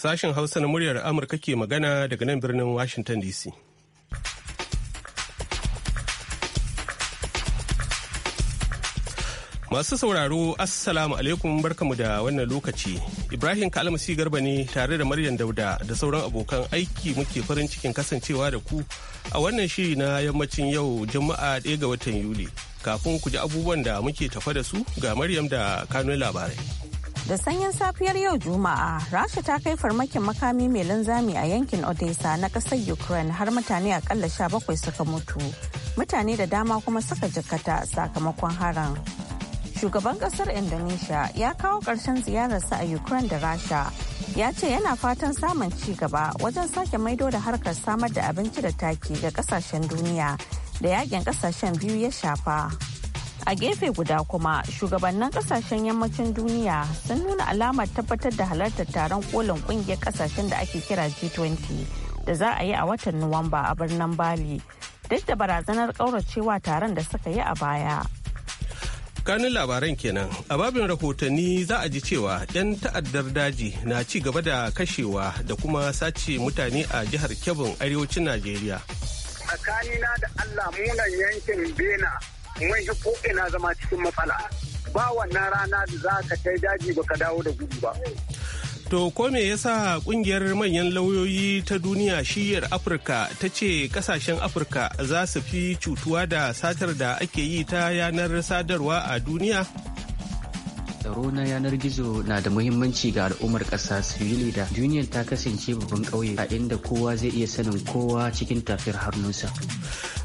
Sashen Hausa na muryar Amurka ke magana daga nan birnin Washington DC. Masu sauraro, Assalamu alaikum barkamu da wannan lokaci. Ibrahim Kalmasi Garba ne tare da Maryam Dauda da sauran abokan aiki muke farin cikin kasancewa da ku a wannan shiri na yammacin yau Juma'a ɗaya ga watan Yuli. Kafin ku ji abubuwan da muke tafa da su ga Maryam da kanun labarai. Da sanyin safiyar yau Juma'a, Rasha ta kai farmakin makami mai linzami a yankin Odessa na ƙasar Ukraine har mutane akalla 17 suka mutu. Mutane da dama kuma suka jikkata sakamakon haran. Shugaban ƙasar Indonesia ya kawo ƙarshen ziyararsa a Ukraine da Rasha. Ya ce yana fatan samun ci gaba wajen sake maido da harkar samar da abinci da taki ga ƙasashen duniya da yakin ƙasashen biyu ya shafa. a gefe guda kuma shugabannin kasashen yammacin duniya sun nuna alamar tabbatar da halartar taron kolin kungiyar kasashen da ake kira g20 da za a yi a watan nuwamba a birnin bali duk da barazanar kauracewa taron da suka yi a baya kanin labaran kenan a babin rahotanni za a ji cewa 'yan ta'addar daji na ci gaba da kashewa da kuma sace mutane a jihar kebun arewacin najeriya tsakanina da allah munan yankin bena mai ko ina zama cikin matsala ba wannan rana da za ka kai daji baka dawo da gudu ba To ko me yasa kungiyar manyan lauyoyi ta duniya shiyar Afirka ta ce kasashen Afirka za su fi cutuwa da satar da ake yi ta yanar sadarwa a duniya? tsaro na yanar gizo na da muhimmanci ga al'ummar ƙasa sirili da duniyar ta kasance babban ƙauye a inda kowa zai iya sanin kowa cikin tafiyar hannunsa.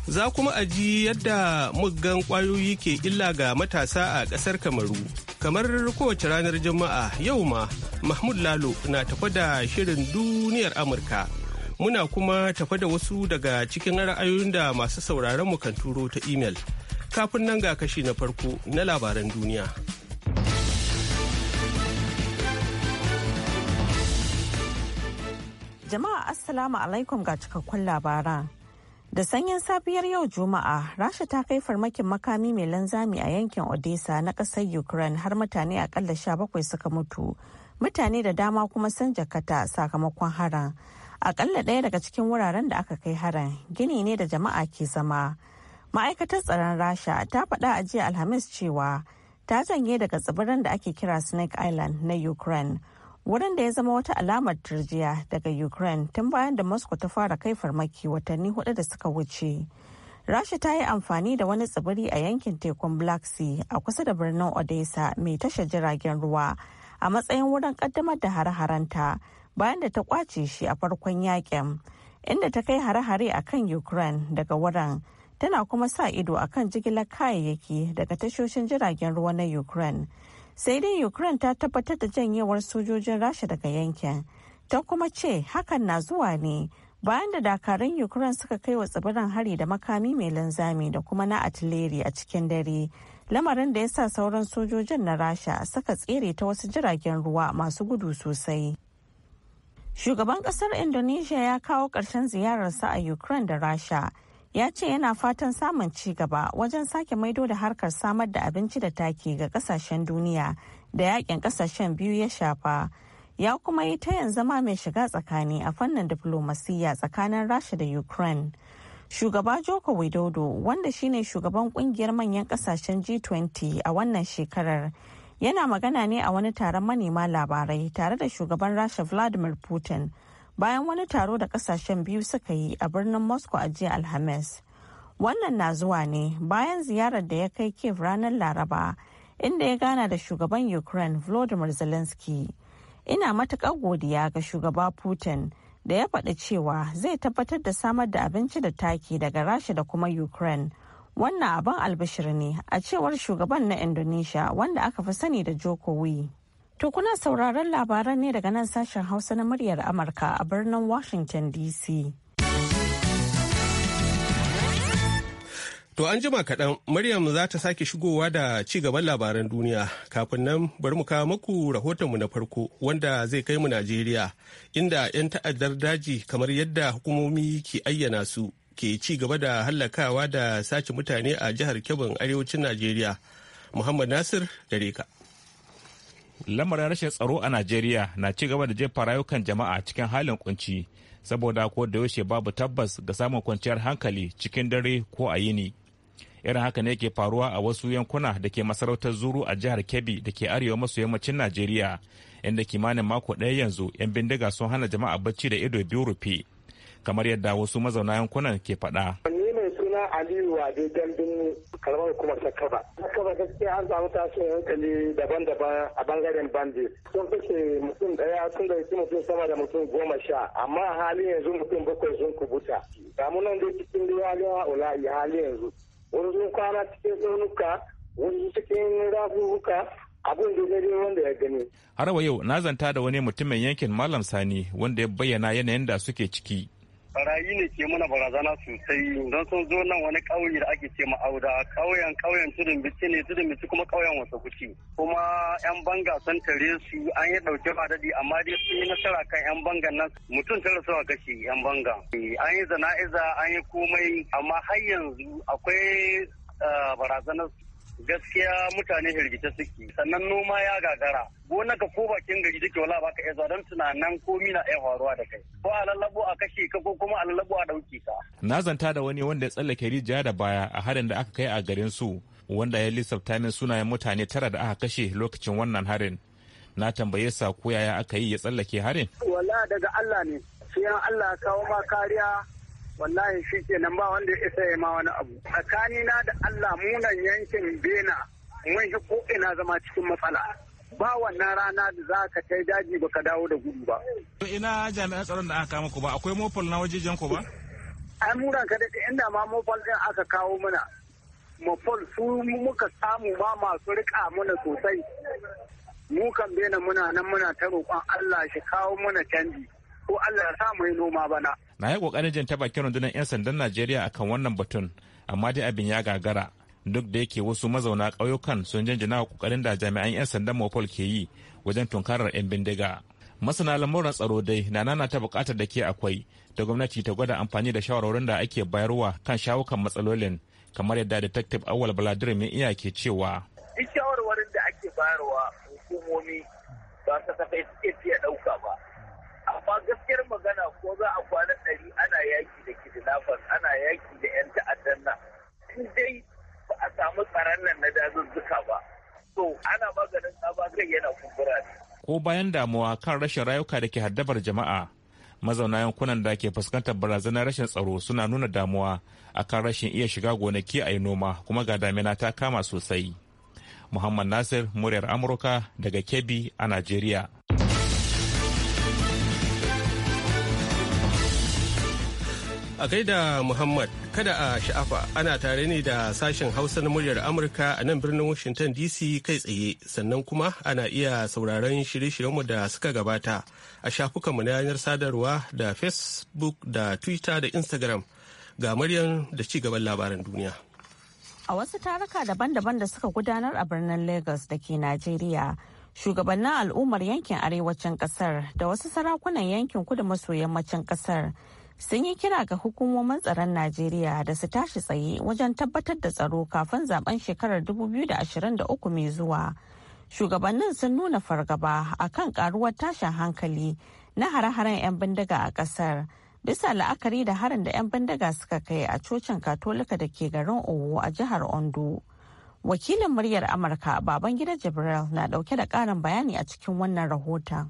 za kuma a ji yadda muggan kwayoyi ke illa ga matasa a ƙasar kamaru kamar kowace ranar juma'a yau ma mahmud lalo na tafa da shirin duniyar amurka muna kuma tafa da wasu daga cikin ra'ayoyin da masu sauraron mu kan turo ta imel kafin nan ga kashi na farko na labaran duniya jama'a assalamu alaikum ga cikakkun labaran Da sanyin safiyar yau Juma'a, Rasha ta kai farmakin makami mai lanzami a yankin Odessa na ƙasar Ukraine har mutane akalla 17 suka mutu. Mutane da dama kuma sun jakata sakamakon haran. Akalla ɗaya daga cikin wuraren da aka kai haran gini ne da jama'a ke zama. Ma'aikatar tsaron Rasha ta faɗa a jiya Alhamis cewa ta janye daga tsibirin da ake kira Snake Island na Ukraine. wurin da ya zama wata alamar turjiya daga ukraine tun bayan da moscow ta fara kai farmaki watanni hudu da suka wuce rasha ta yi amfani da wani tsibiri a yankin tekun black sea a kusa da birnin odessa mai tashar jiragen ruwa a matsayin wurin kaddamar da hare-harenta bayan da ta kwace shi a farkon yakin inda ta kai hare-hare a kan ukraine daga wurin tana kuma sa ido a kan jigilar kayayyaki daga tashoshin jiragen ruwa na ukraine sai dai ukraine ta tabbatar da janyewar sojojin rasha daga yankin ta kuma ce hakan na zuwa ne bayan da dakarun ukraine suka kai wa tsibirin hari da makami mai linzami da kuma na atileri a cikin dare lamarin da ya sa sauran sojojin na rasha suka tsere ta wasu jiragen ruwa masu gudu sosai shugaban kasar indonesia ya kawo ƙarshen ziyararsa a ukraine da rasha ya ce yana fatan samun ci gaba wajen sake maido da harkar samar da abinci da taki ga kasashen duniya da yakin kasashen biyu ya shafa ya kuma yi ta yanzu zama mai shiga tsakani a fannin diflomasiyya tsakanin rasha da ukraine shugaba joko widodo wanda shine shugaban kungiyar manyan kasashen g20 a wannan shekarar yana magana ne a wani taron manema labarai tare da shugaban rasha vladimir putin bayan wani taro da kasashen biyu suka yi a birnin moscow a jiya alhamis wannan na zuwa ne bayan ziyarar da ya kai kiev ranar laraba inda ya gana da shugaban ukraine volodymyr zelensky ina matuƙar godiya ga shugaba putin da ya faɗi cewa zai tabbatar da samar da abinci da taki daga rasha da kuma ukraine wannan abin albishir ne a cewar shugaban na indonesia wanda aka fi sani da jokowi To kuna sauraron labaran ne daga nan sashen Hausa na muryar Amurka a birnin Washington DC. To an jima kaɗan Maryam za ta sake shigowa da ci gaban labaran duniya kafin nan bari mu kawo muku rahotonmu na farko wanda zai kai mu Najeriya inda 'yan ta'addar daji kamar yadda hukumomi ke ayyana su ke ci gaba da hallakawa da sace mutane a jihar Kebbi arewacin Najeriya. Muhammad Nasir gare ka. lamarin rashin tsaro a najeriya na ci gaba da jefa rayukan jama'a cikin halin kunci saboda ko da yaushe babu tabbas ga samun kwanciyar hankali cikin dare ko a yini irin haka ne ke faruwa a wasu yankuna da ke masarautar zuru a jihar kebbi da ke arewa maso yammacin najeriya inda kimanin mako ɗaya yanzu 'yan bindiga sun hana jama'a bacci da ido biyu rufe kamar yadda wasu mazauna yankunan ke faɗa. suna Aliyu Wade Gandun karamar hukumar kaba kaba gaskiya an samu tashin hankali daban-daban a bangaren bandi Sun kashe mutum daya sun da mutum sama da mutum goma sha amma halin yanzu mutum bakwai sun kubuta. Damunan dai cikin ruwa yi halin yanzu. Wani sun kwana cikin tsaunuka, wani cikin rafuka, abin da zai wanda ya gani. Har yau na zanta da wani mutumin yankin Malam Sani wanda ya bayyana yanayin da suke ciki. barayi ne ke mana barazana sosai don sun zo nan wani ƙauye da ake ce ma auda ƙauyen ƙauyen tudun bici ne tudun bici kuma ƙauyen wasa kuci kuma yan banga sun tare su an yi ɗauke ba daɗi amma dai sun yi nasara kan yan bangan nan mutum tara suka kashe yan banga eh, an yi zana'iza an yi komai amma har yanzu akwai eh, barazanar gaskiya mutane hirgita suke sannan noma ya gagara gonaka ko bakin gari take wala baka iya zuwa don tunanin komi na iya faruwa da kai ko a lallabo a kashe ka ko kuma a lallabo a dauke ka na zanta da wani wanda ya tsallake rijiya da baya a harin da aka kai a garin su wanda ya lissafta min sunayen mutane tara da aka kashe lokacin wannan harin na tambaye sa ko yaya aka yi ya tsallake harin wala daga Allah ne sai Allah kawo ma kariya wallahi shi nan ba wanda ya isa ya ma wani abu Tsakani na da Allah munan yankin bena mun shi ko ina zama cikin matsala ba wannan rana da za ka kai daji ba ka dawo da gudu ba. Ina jami'an tsaron da aka kama ku ba akwai mofal na wajejen ku ba? Ai muran ka daga inda ma mofal ɗin aka kawo mana. Mofal su muka samu ma masu rika mana sosai. Mu kan bena muna nan muna ta roƙon Allah shi kawo mana canji ko Allah ya sa mu yi noma bana. na yi kokarin jin taba kiran dunan 'yan sandan najeriya akan wannan batun amma dai abin ya gagara duk da yake wasu mazauna ƙauyukan sun janjina wa kokarin da jami'an 'yan sandan mopol ke yi wajen tunkarar 'yan bindiga masana lamuran tsaro dai na nana ta buƙatar da ke akwai da gwamnati ta gwada amfani da shawarwarin da ake bayarwa kan shawukan matsalolin kamar yadda detective awal baladir mai iya ke cewa duk shawarwarin da ake bayarwa hukumomi ba kasafai suke fiye ɗauka ba amma gaskiyar magana ko za a kwana ɗari ana yaki da kidnappers ana yaki da 'yan ta'addan nan in dai ba a samu tsaron nan na dazuzzuka ba to ana maganin tsaba kai yana kumbura ko bayan damuwa kan rashin rayuka da ke haddabar jama'a mazauna yankunan da ke fuskantar barazanar rashin tsaro suna nuna damuwa akan rashin iya shiga gonaki a yi noma kuma ga damina ta kama sosai. Muhammad Nasir, muryar Amurka daga Kebbi a Najeriya. A gaida Muhammad kada a sha'afa ana tare ne da sashen Hausa na muryar Amurka a nan birnin Washington DC kai tsaye sannan kuma ana iya sauraron shirye-shiryenmu da suka gabata a shafukanmu na yanar sadarwa da Facebook da Twitter da Instagram ga muryar da ci gaban labaran duniya. A wasu taruka daban-daban da suka gudanar a birnin Lagos da ke Najeriya. Shugabannin al'ummar yankin arewacin kasar da wasu sarakunan yankin kudu maso yammacin kasar sun yi kira ga hukumomin tsaron Najeriya da su tashi tsaye wajen tabbatar da tsaro kafin zaben shekarar 2023 mai zuwa. Shugabannin sun nuna fargaba a kan karuwar tashin hankali na hare-haren 'yan bindiga a kasar. Bisa la'akari da harin da 'yan bindiga suka kai a cocin katolika da ke garin Owo a jihar Ondo. Wakilin muryar Amurka Babangida Jibril na dauke da karin bayani a cikin wannan rahoton.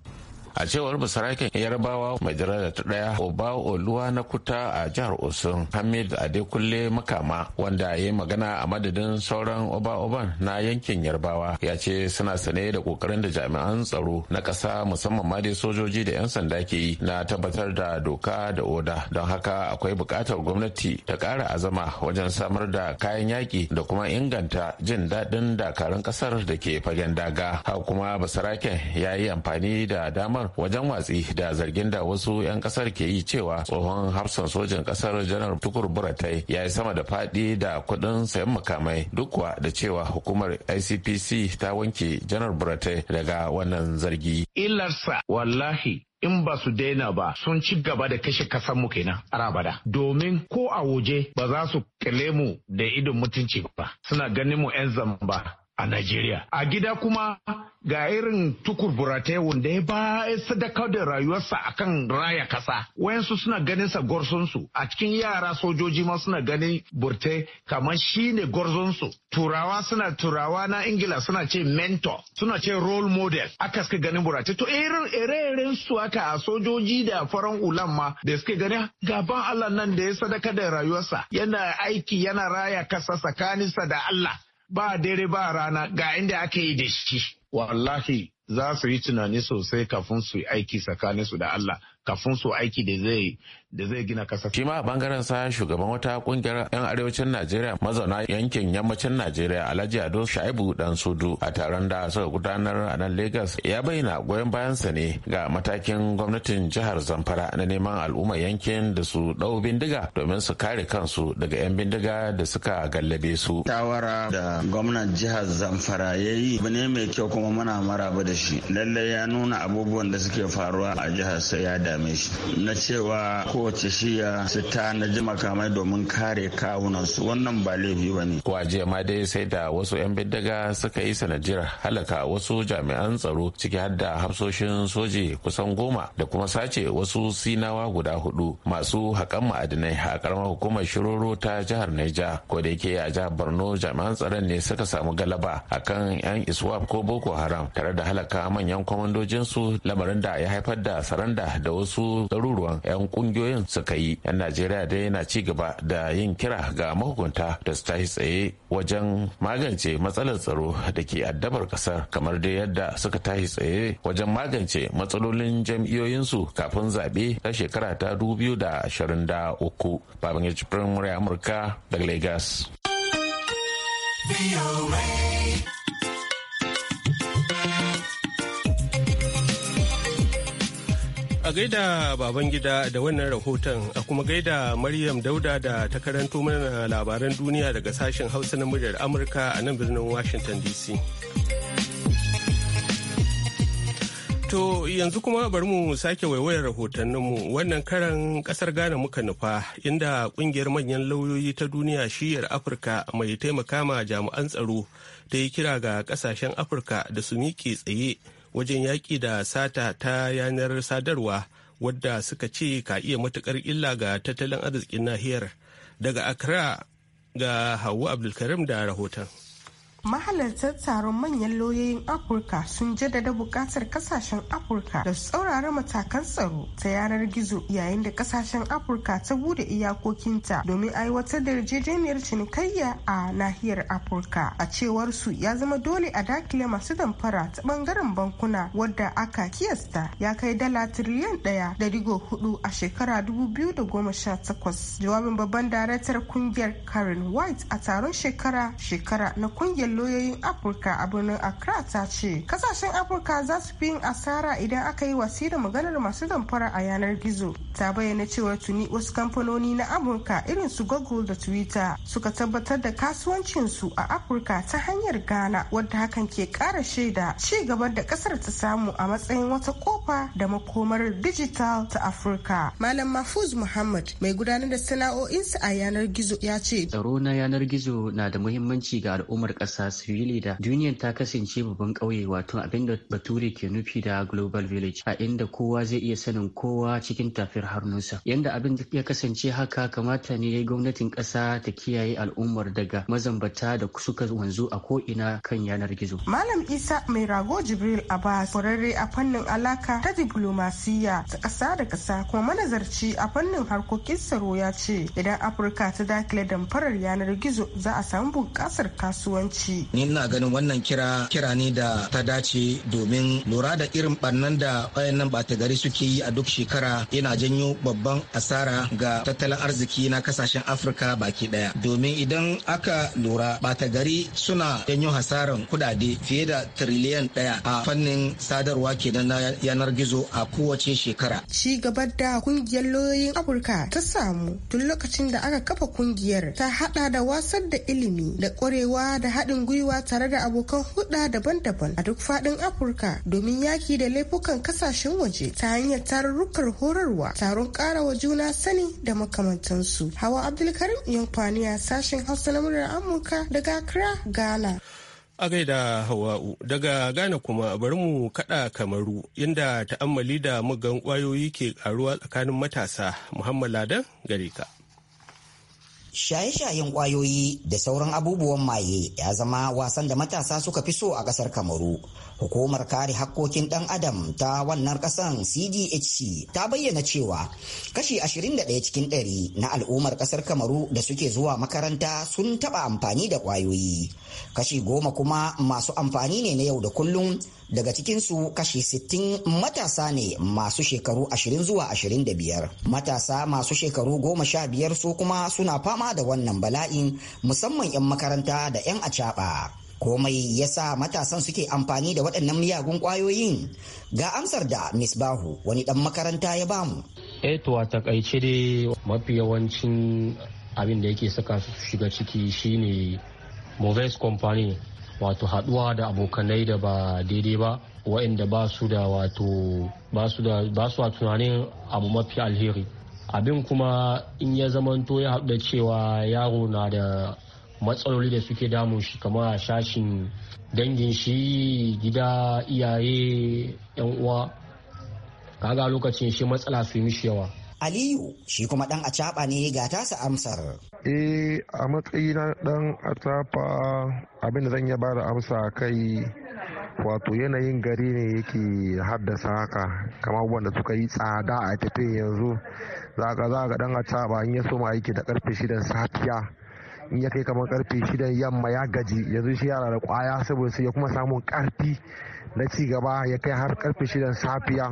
a cewar basaraken yarbawa mai daraja ta daya oba oluwa na kuta a jihar osun hamid adekunle makama wanda ya yi magana a madadin sauran oba oban na yankin yarbawa ya ce suna sane da kokarin da jami'an tsaro na ƙasa musamman ma dai sojoji da 'yan sanda ke yi na tabbatar da doka da oda don haka akwai bukatar gwamnati ta ƙara azama wajen samar da kayan yaƙi da kuma inganta jin daɗin dakarun ƙasar da ke fagen daga haka kuma basaraken ya yi amfani da damar wajen watsi da zargin da wasu 'yan kasar ke yi cewa tsohon hafsan sojin kasar janar tukur buratai ya yi sama da fadi da kuɗin sayan makamai duk kuwa da cewa hukumar icpc ta wanke janar buratai daga wannan zargi illarsa wallahi in ba su daina ba sun ci gaba da kashe kasan mu kenan rabada, domin ko a waje ba za su kale mu da idon mutunci ba suna ganin mu 'yan zamba a Najeriya. A gida kuma ga irin tukur buratai wanda ya ba sadaka da rayuwarsa a kan raya kasa. Wayansu suna ganin sa gorsonsu a cikin yara sojoji ma suna ganin burte kamar shi ne gorsonsu. Turawa suna turawa na Ingila suna ce mentor suna ce role model aka suka ganin burate to irin ire-iren su aka a sojoji da faran ulan ma da suke gani, gaban Allah nan da ya sadaka da rayuwarsa yana aiki yana raya kasa tsakaninsa da Allah. ba dare ba rana ga inda aka yi da shi wallahi za su yi tunani sosai kafin su aiki tsakaninsu da Allah kafin su aiki da zai da zai gina kasa. Shi a bangaren sa shugaban wata kungiyar 'yan arewacin Najeriya mazauna yankin yammacin Najeriya Alhaji Ado Shaibu Dan Sudu a taron da suka gudanar a nan Lagos ya bayyana goyon bayansa ne ga matakin gwamnatin jihar Zamfara na neman al'umma yankin da su dau bindiga domin su kare kansu daga 'yan bindiga da suka gallabe su. tawara da gwamnan jihar Zamfara ya yi abu ne mai kyau kuma muna maraba da shi. Lallai ya nuna abubuwan da suke faruwa a jihar sai ya dame shi. Na cewa ko kowace shiya su ji makamai domin kare kawunansu wannan ba laifi ba ne. Ko jiya ma dai sai da wasu 'yan bindiga suka yi sanadiyar halaka wasu jami'an tsaro ciki har da hafsoshin soji kusan goma da kuma sace wasu sinawa guda hudu masu haƙan ma'adinai a ƙaramar hukumar shiroro ta jihar Neja. Ko da yake a jihar Borno jami'an tsaron ne suka samu galaba akan 'yan iswap ko Boko Haram tare da halaka manyan kwamandojinsu lamarin da ya haifar da saranda da wasu ɗaruruwan 'yan ƙungiyoyin kungiyoyin suka yi yan najeriya dai yana ci gaba da yin kira ga mahukunta da su tashi tsaye wajen magance matsalar tsaro da ke addabar kasar kamar dai yadda suka tashi tsaye wajen magance matsalolin jam'iyyoyinsu kafin zaɓe ta shekara ta 2023 uku ya ci amurka daga lagos A gaida baban gida da wannan rahoton a kuma gaida Maryam Dauda da ta karanto mana labaran duniya daga sashen Hausa na muryar Amurka a nan birnin Washington DC. To yanzu kuma bari mu sake waiwayar rahotanninmu wannan karan kasar Ghana muka nufa inda kungiyar manyan lauyoyi ta duniya shiyar Afirka mai taimaka ma jami'an tsaro ta yi kira ga kasashen Afirka da su miƙe tsaye wajen yaƙi da sata ta yanar sadarwa wadda suka ce ka iya matukar illa ga tattalin arzikin nahiyar daga accra ga hawa abdulkarim da rahoton mahalartar taron manyan lauyoyin afirka sun jaddada buƙatar kasashen afirka da su tsaurara matakan tsaro ta yanar gizo yayin da kasashen afirka ta bude iyakokinta domin aiwatar da yarjejeniyar cinikayya a nahiyar afirka a cewar su ya zama dole a dakile masu damfara ta bangaren bankuna wadda aka kiyasta ya kai dala tiriliyan ɗaya da digo hudu a shekara dubu biyu da goma sha takwas jawabin babban daraktar kungiyar karen white a taron shekara shekara na kungiyar lauyoyin afirka a birnin accra ta ce kasashen afirka za su fi yin asara idan aka yi wasi maganar masu zamfara a yanar gizo ta bayyana cewa tuni wasu kamfanoni na amurka irin su google da twitter suka tabbatar da kasuwancinsu a afirka ta hanyar ghana wadda hakan ke kara shaida ci gaba da kasar ta samu a matsayin wata kofa da makomar digital ta afirka malam mafuz muhammad mai gudanar da sana'o'insa a yanar gizo ya ce tsaro na yanar gizo na da muhimmanci ga al'ummar ƙasa Sarsville da duniyar ta kasance babban ƙauye wato abinda bature ke nufi da global village a inda kowa zai iya sanin kowa cikin tafiyar harnunsa. Yanda abin ya kasance haka kamata ne ya gwamnatin ƙasa ta kiyaye al'ummar daga mazambata da suka wanzu a ko ina kan yanar gizo. Malam Isa mai rago Jibril Abbas kwararre a fannin alaka ta diplomasiya ta ƙasa da ƙasa kuma manazarci a fannin harkokin tsaro ya ce idan Afirka ta dakile damfarar yanar gizo za a samu bunƙasar kasuwanci. ni ina ganin wannan kira kira ne da ta dace domin lura da irin barnan da nan bata gari suke yi a duk shekara yana janyo babban asara ga tattalin arziki na kasashen afirka baki daya domin idan aka lura bata gari suna janyo hasaran kudade fiye da tiriliyan daya a fannin sadarwa kenan na yanar gizo a kowace shekara ci gabar da kungiyar lauyoyin afirka ta samu tun lokacin da aka kafa kungiyar ta hada da wasar da ilimi da kwarewa da haɗin haɗin gwiwa tare da abokan hulɗa daban-daban a duk faɗin Afirka domin yaki da laifukan kasashen waje ta hanyar tarurrukar horarwa, taron ƙarawa juna sani da makamantansu. Hawa Abdulkarim Yankwaniya sashen Hausa na murar Amurka daga Accra, Ghana. A gaida Hawa'u daga Ghana kuma bari mu kada Kamaru inda ta'ammali da mugan kwayoyi ke karuwa tsakanin matasa Muhammad Ladan gare ka. shaye-shayen kwayoyi da sauran abubuwan maye ya zama wasan da matasa suka fi so a ƙasar kamaru hukumar kare hakkokin ɗan adam ta wannan kasan cdhc ta bayyana cewa kashi 21 cikin 100 na al'ummar ƙasar kamaru da suke zuwa makaranta sun taɓa amfani da kwayoyi kashi goma kuma masu amfani ne na yau da kullum daga cikinsu kashi 60 matasa ne masu shekaru 20 zuwa 25 matasa masu shekaru 15 su kuma suna fama da wannan bala'in musamman 'yan makaranta da 'yan acaba komai ya sa matasan suke amfani da waɗannan miyagun ƙwayoyin ga amsar da Miss Bahu wani ɗan makaranta ya bamu eto eh a takaice dai mafi yawancin abin da yake saka su shiga ciki shine moves company wato haduwa da abokanai da ba daidai ba waɗanda ba su da wato ba su da tunanin abu mafi alheri abin kuma in ya zamanto ya haɗu da cewa yaro na da matsaloli da suke damun shi kamar shashin dangin shi gida iyaye yan uwa kaga lokacin shi matsala su yi mishi yawa Aliyu shi kuma dan acaba ne ga tasa amsar. Eh a matsayina dan acaba abin zan iya bada amsa kai wato yanayin gari ne yake haddasa haka kamar wanda suka yi tsada a tafiya yanzu za ka za ka dan acaba in ya so ma aiki da karfe shidan safiya in ya kai kamar karfe shidan yamma ya gaji yanzu shi yara da kwaya saboda su ya kuma samun karfi na cigaba gaba ya kai har karfe shidan safiya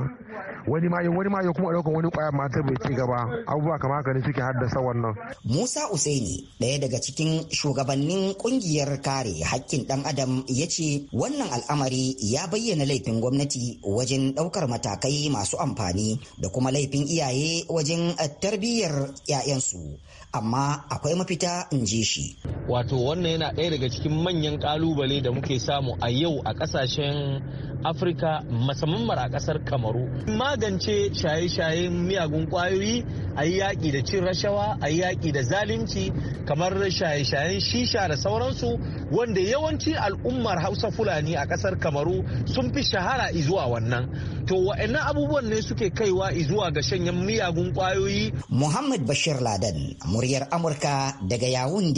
wani ma wani ma kuma daukan wani kwaya ma bai ci gaba abubuwa kamar haka ne suke haddasa wannan Musa Usaini ɗaya daga cikin shugabannin kungiyar kare haƙƙin ɗan adam ya ce wannan al'amari ya bayyana laifin gwamnati wajen ɗaukar matakai masu amfani da kuma laifin iyaye wajen tarbiyyar 'ya'yansu amma akwai mafita in je shi. Wato wannan yana ɗaya daga cikin manyan ƙalubale da muke samu a yau a ƙasashen Afirka musamman a ƙasar Kamaru. magance shaye-shayen miyagun kwayoyi a yi yaƙi da cin rashawa a yi yaƙi da zalunci kamar shaye-shayen shisha da sauransu wanda yawanci al'ummar hausa fulani a ƙasar kamaru sun fi shahara izuwa wannan to wa'annan abubuwan ne suke kaiwa izuwa ga shanyen miyagun kwayoyi muhammad bashir ladan muryar amurka daga yawun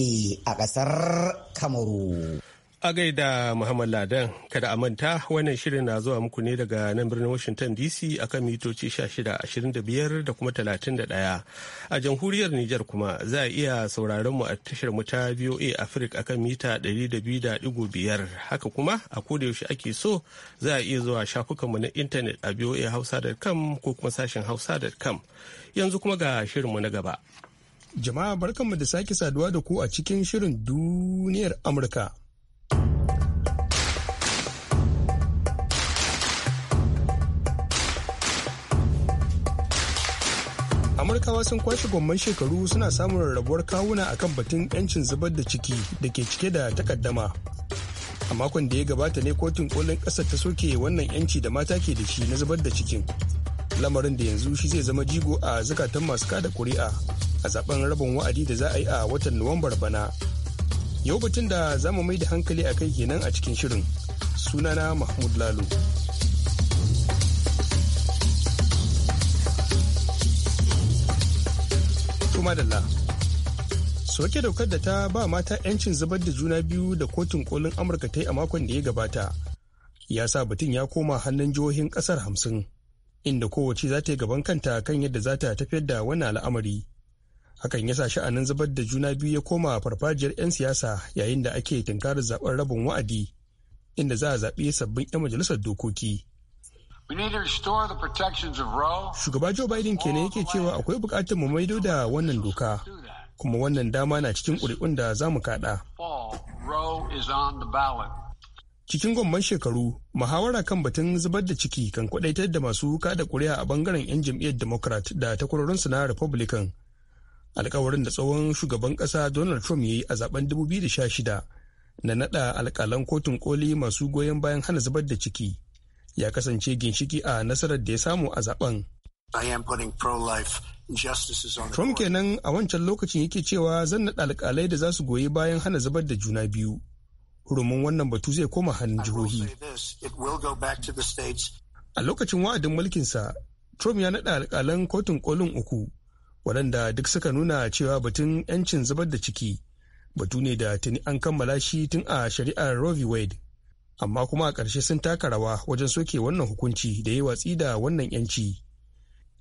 a ƙasar kamaru A gaida Muhammad Ladan, kada a manta wannan shirin na zuwa muku ne daga nan birnin Washington DC akan mitoci 1625 da kuma 31. A jamhuriyar Niger kuma za a iya sauraron mu a tashar mu ta VOA Africa akan mita 200.5. Haka kuma a yaushe ake so za a iya zuwa shafukan mu na intanet a voahausa.com ko kuma sashen hausa.com. Yanzu kuma ga shirin mu na gaba. Jama'a barkanmu da sake saduwa da ku a cikin shirin duniyar Amurka. amurkawa sun kwashe gomman shekaru suna samun rarrabuwar kawuna akan batun 'yancin zubar da ciki da ke cike da takaddama a makon da ya gabata ne kotun kolin ƙasa ta soke wannan 'yanci da mata ke da shi na zubar da cikin lamarin da yanzu shi zai zama jigo a zukatan masu kada kuri'a a zaben rabin wa'adi da za a yi a watan nuwambar bana yau batun da za mu mai da hankali a kai kenan a cikin shirin sunana mahmud lalo madalla. Soke daukar da ta ba mata 'yancin zubar da juna biyu da kotun kolin Amurka ta yi a makon da ya gabata. Ya sa batun ya koma hannun jihohin ƙasar hamsin, inda kowace za ta yi gaban kanta kan yadda za ta tafiyar da wannan al'amari. Hakan ya sa sha'anin zubar da juna biyu ya koma farfajiyar 'yan siyasa yayin da ake tunkarar zaben rabin wa'adi, inda za a zaɓi sabbin 'yan majalisar dokoki. Shugaba Joe Biden kenan yake cewa akwai bukatar mu maido da wannan doka, kuma wannan dama na cikin ƙuri'un da za mu kaɗa. Cikin gwamman shekaru, muhawara kan batun zubar da ciki kan kwadaitar da masu kada ƙuri'a a bangaren 'yan jam'iyyar Democrat da takwarorinsu na Republican. Alkawarin da tsawon shugaban ƙasa Donald Trump ya yi a zaben 2016 na naɗa alkalan kotun koli masu goyon bayan hana zubar da ciki. ya kasance ginshiki a nasarar da ya samu a zaben. Trump kenan a wancan lokacin yake cewa zan naɗa alƙalai da za su goyi bayan hana zubar da juna biyu. Hurumin wannan batu zai koma hannun jihohi. A lokacin wa'adin mulkinsa, Trump ya naɗa alƙalan kotun kolin uku, waɗanda duk suka nuna cewa batun 'yancin zubar da ciki batu ne da tuni an kammala shi tun a shari'ar Roe v. Wade. amma kuma a ƙarshe sun taka rawa wajen soke wannan hukunci da ya watsi da wannan yanci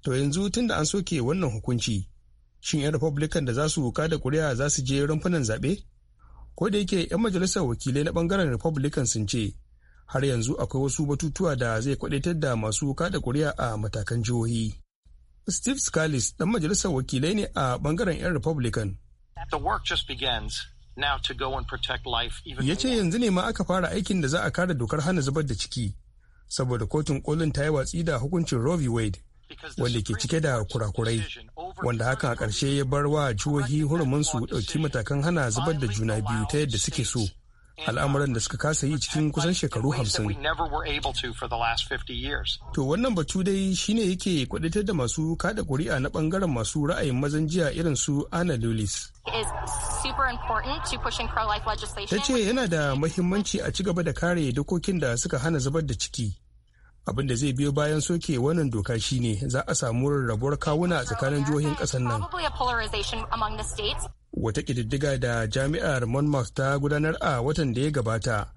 to yanzu tun da an soke wannan hukunci shin 'yan republican da za su da kuri'a za su je rumfunan zaɓe ko da yake 'yan majalisar wakilai na ɓangaren republican sun ce har yanzu akwai wasu batutuwa da zai kwadaitar da masu da kuri'a a matakan jihohi steve scalise dan majalisar wakilai ne a ɓangaren 'yan republican The work Ya ce yanzu ne ma aka fara aikin da za a kare dokar hana zubar da ciki, saboda kotun kolin ta yi watsi da hukuncin Roe v. Wade, wanda ke cike da kurakurai, wanda hakan a ƙarshe ya bar wa jihohi hurumin su ɗauki matakan hana zubar da juna biyu ta yadda suke so. al'amuran da suka kasa yi cikin kusan shekaru hamsin. To wannan batu dai shine yake kwadatar da masu kada kuri'a na bangaren masu ra'ayin mazan jiya irin su Anna Lulis. Ta ce yana da mahimmanci a ci gaba da kare dokokin da suka hana zubar da ciki. Abin da zai biyo bayan soke wannan doka shine za a samu rarrabuwar kawuna tsakanin jihohin ƙasar nan. wata ƙididdiga da jami'ar monmouth ta gudanar a watan da ya gabata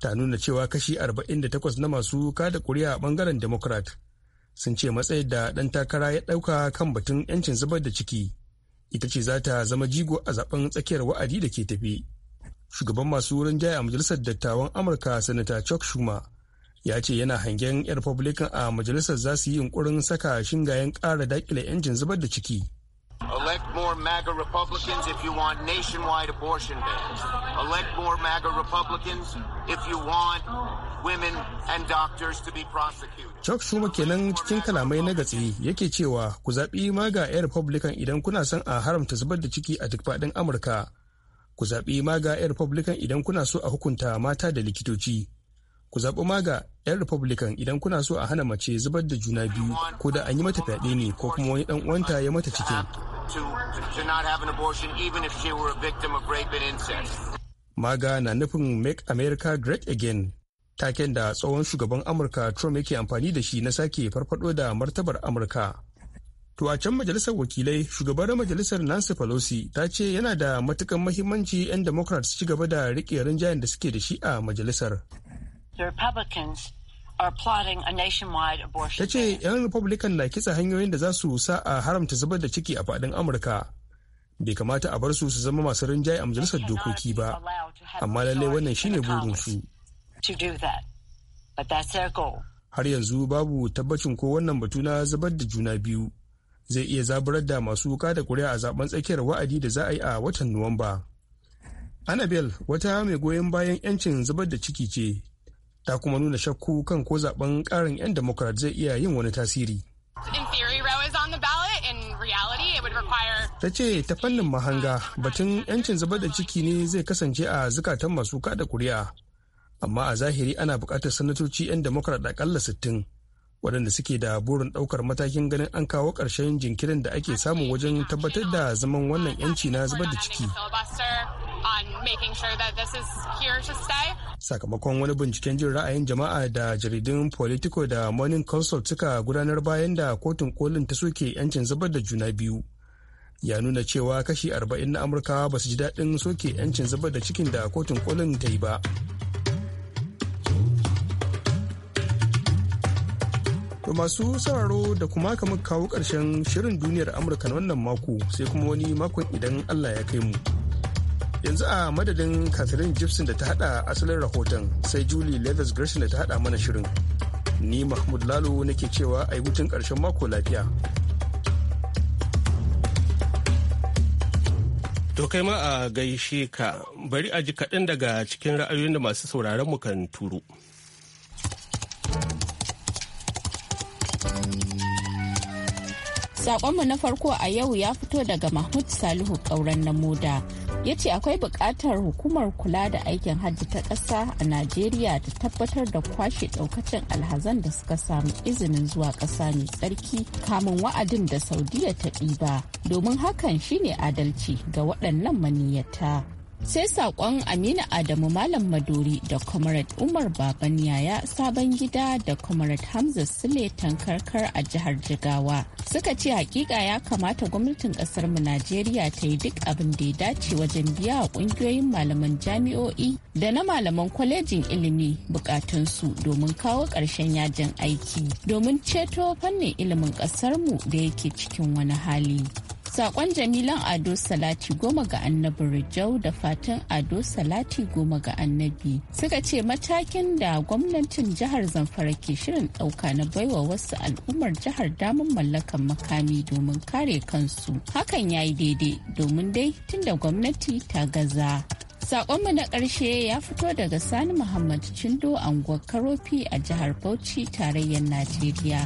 ta nuna cewa kashi 48 na masu kada kuri'a a bangaren democrat sun ce matsayin da ɗan takara ya ɗauka kan batun 'yancin zubar da ciki ita ce za ta zama jigo a zaben tsakiyar wa'adi da ke tafi shugaban masu wurin jaya a majalisar dattawan amurka Senator chuck schumer ya ce yana hangen 'yan republican a majalisar za su yi yunkurin saka shingayen ƙara dakile 'yancin zubar da ciki Elect more MAGA Republicans if you want nationwide abortion bans. Elect more MAGA Republicans if you want women and doctors to be prosecuted. Chuck Schumer kenan cikin kalamai na gatsi yake cewa ku zaɓi MAGA 'yan Republican idan kuna son a haramta zubar da ciki a duk faɗin Amurka. Ku zaɓi MAGA 'yan Republican idan kuna so a hukunta mata da likitoci. Ku zaɓi MAGA 'yan Republican idan kuna so a hana mace zubar da juna biyu ko da an yi mata fyaɗe ne ko kuma wani ɗan uwanta ya mata cikin. to, to, to not have an abortion even if she were a victim of rape and incest. Maga na nufin Make America Great Again taken da tsohon shugaban Amurka Trump yake amfani da shi na sake farfado da martabar Amurka. To a can majalisar wakilai shugabar majalisar Nancy Pelosi ta ce yana da matukan mahimmanci 'yan Democrats ci gaba da riƙe rinjayen da suke da shi a majalisar. The Republicans Ta ce 'yan Republican na kitsa hanyoyin da za su sa a haramta zubar da ciki a faɗin Amurka. Bai kamata a bar su su zama masu rinjaye a majalisar dokoki ba, amma lallai wannan shine burinsu. Har yanzu babu tabbacin ko wannan batu na zubar da juna biyu zai iya zaburar da masu wuka da kuri'a a zaben tsakiyar wa'adi da za a yi a watan Nuwamba. Annabelle, wata mai goyon bayan 'yancin zubar da ciki ce ta kuma nuna shakku kan ko zaben karin 'yan democrat zai iya yin wani tasiri ta ce ta fannin mahanga batun 'yancin zubar da ciki ne zai kasance a zukatan masu kada kuri'a amma a zahiri ana bukatar sanatoci 'yan democrat akalla sittin waɗanda suke da burin ɗaukar matakin ganin an kawo ƙarshen jinkirin da ake samu wajen tabbatar da zaman wannan 'yanci na zubar da ciki. Sakamakon wani binciken jin ra'ayin jama'a da jaridun Politico da Morning Consult suka gudanar bayan da kotun kolin ta soke 'yancin zubar da juna biyu. Ya nuna cewa kashi 40 na amurka ba su ji daɗin soke 'yancin zubar da cikin da kotun kolin ta yi ba. To masu sauraro da kuma aka muka kawo ƙarshen shirin duniyar Amurka na wannan mako sai kuma wani makon idan Allah ya kai mu. Yanzu a madadin Catherine Gibson da ta hada asalin rahoton sai Julie Levis Gershon da ta hada mana shirin. Ni Mahmud Lalo nake cewa a yi ƙarshen mako lafiya. To kai ma a gaishe ka bari a ji kaɗan daga cikin ra'ayoyin da masu sauraron mu kan turo. Sakonmu na farko a yau ya fito daga Mahmud Salihu Kauran na Moda. Ya ce akwai buƙatar hukumar kula da aikin hajji ta ƙasa a Najeriya ta tabbatar da kwashe ɗaukacin alhazan da suka samu izinin zuwa ƙasa mai tsarki kamun wa'adin da Saudiya ta ɗiba. Domin hakan shine adalci ga waɗannan maniyyata. sai saƙon amina adamu malam maduri da comrade umar baban yaya sabon gida da comrade hamza sule tankarkar a jihar jigawa suka ce hakika ya kamata gwamnatin ƙasar mu najeriya ta yi duk abin da ya dace wajen biya wa ƙungiyoyin malaman jami'o'i da na malaman kwalejin ilimi bukatunsu domin kawo ƙarshen yajin aiki domin ceto fannin ilimin ƙasar mu da yake cikin wani hali Sakon Jamilan Ado Salati goma ga annabi Rijau da fatan Ado Salati goma ga annabi suka ce matakin da gwamnatin jihar Zamfara ke shirin ɗauka na baiwa wasu al'ummar jihar damar mallakan makami domin kare kansu. Hakan ya yi daidai domin dai tunda gwamnati ta gaza. Sakonmu na ƙarshe ya fito daga Sani Muhammad Chindo anguwar Karofi a jihar Bauchi tarayyar Najeriya.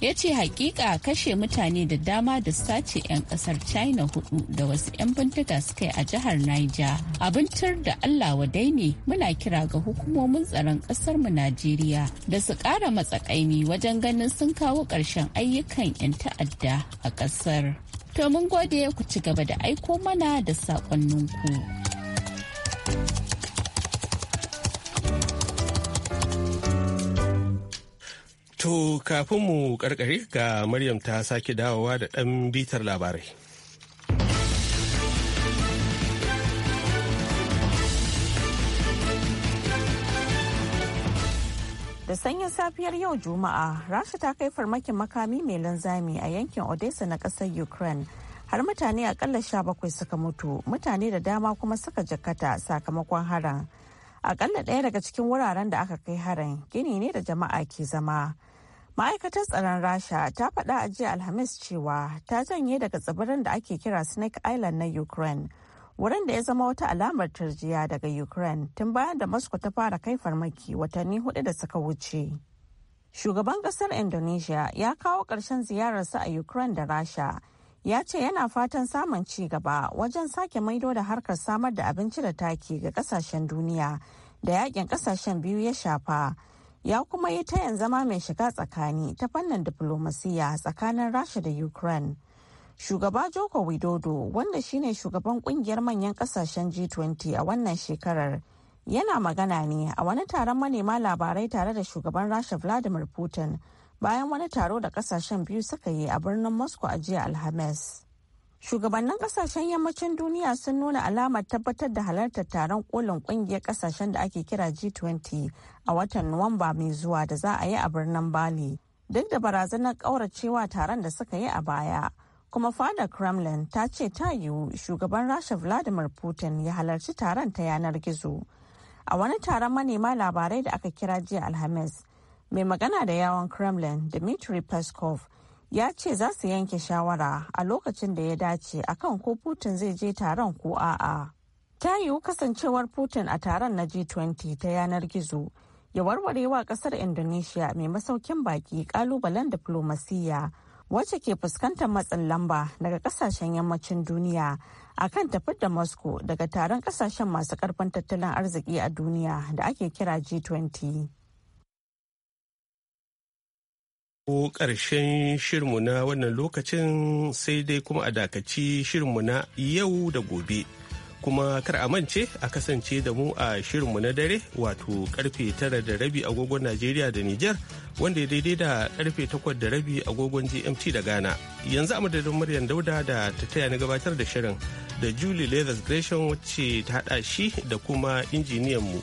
ya ce hakika kashe mutane da dama da sace 'yan kasar china hudu da wasu 'yan bindiga suka yi a jihar niger abincin da allah wadai ne muna kira ga hukumomin tsaron kasar mu najeriya da su kara matsakaimi wajen ganin sun kawo ƙarshen ayyukan 'yan ta'adda a kasar to mun gode ku ci gaba da aiko mana da ku To kafin mu karkare ga Maryam ta sake dawowa da ɗan bitar labarai. Da sanyin safiyar yau Juma'a, Rasha ta kai farmakin makami mai linzami a yankin Odessa na ƙasar Ukraine. Har mutane akalla sha bakwai suka mutu, mutane da dama kuma suka jakata sakamakon haran. Akalla ɗaya daga cikin wuraren da aka kai haran gini ne da jama'a ke zama. ma'aikatar tsaron rasha ta faɗa a jiya alhamis cewa ta janye daga tsibirin da ake kira snake island na ukraine wurin da ya zama wata alamar tarjiya daga ukraine tun bayan da moscow ta fara kai farmaki watanni hudu da suka wuce shugaban kasar indonesia ya kawo ƙarshen ziyararsa a ukraine da rasha ya ce yana fatan samun ci gaba wajen sake maido da harkar samar da abinci da taki ga kasashen duniya da yakin kasashen biyu ya shafa ya kuma yi tayan zama mai shiga tsakani ta fannin diflomasiya tsakanin rasha da ukraine shugaba joko widodo wanda shine shugaban kungiyar manyan kasashen g20 a wannan shekarar yana magana ne a wani taron manema labarai tare da shugaban rasha vladimir putin bayan wani taro da kasashen biyu suka yi a birnin moscow a jiya alhamis shugabannin kasashen yammacin duniya sun nuna alamar tabbatar da halartar taron kolin kungiyar kasashen da ake kira g20 a watan nuwamba mai zuwa da za a yi a birnin bali duk da barazanar kauracewa taron da suka yi a baya kuma fada kremlin ta ce ta yiwu shugaban rasha vladimir putin ya halarci taron ta yanar gizo a wani taron manema labarai da aka kira jiya alhamis mai magana da yawon kremlin dmitry peskov ya ce za su yanke shawara a lokacin da ya dace akan ko putin zai je taron ko a'a ta yiwu kasancewar putin a taron na g20 ta yanar gizo ya warware wa kasar indonesia mai masaukin baki kalubalen diflomasiyya wacce ke fuskantar matsin lamba daga kasashen yammacin duniya akan tafiyar da moscow daga taron kasashen masu karfin tattalin arziki a duniya da ake kira g20 ko ƙarshen shirinmu na wannan lokacin sai dai kuma a dakaci shirinmu na yau da gobe. Kuma kar a mance a kasance da mu a shirinmu na dare wato karfe tara da rabi agogon Najeriya da niger wanda ya daidai da karfe takwas da rabi agogon GMT da Ghana. Yanzu a madadin muryan dauda da ta taya na gabatar da shirin da Julie Leathers Gresham wacce ta hada shi da kuma injiniyanmu.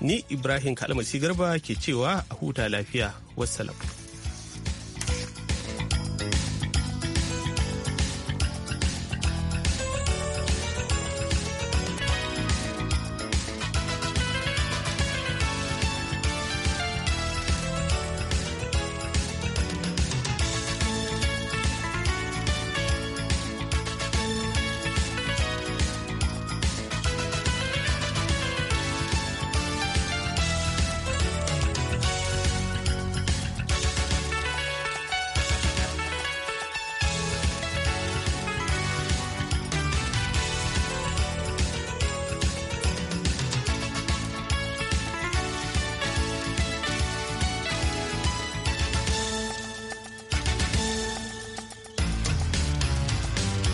Ni Ibrahim Kalmasi Garba ke cewa a huta lafiya. Wassalam.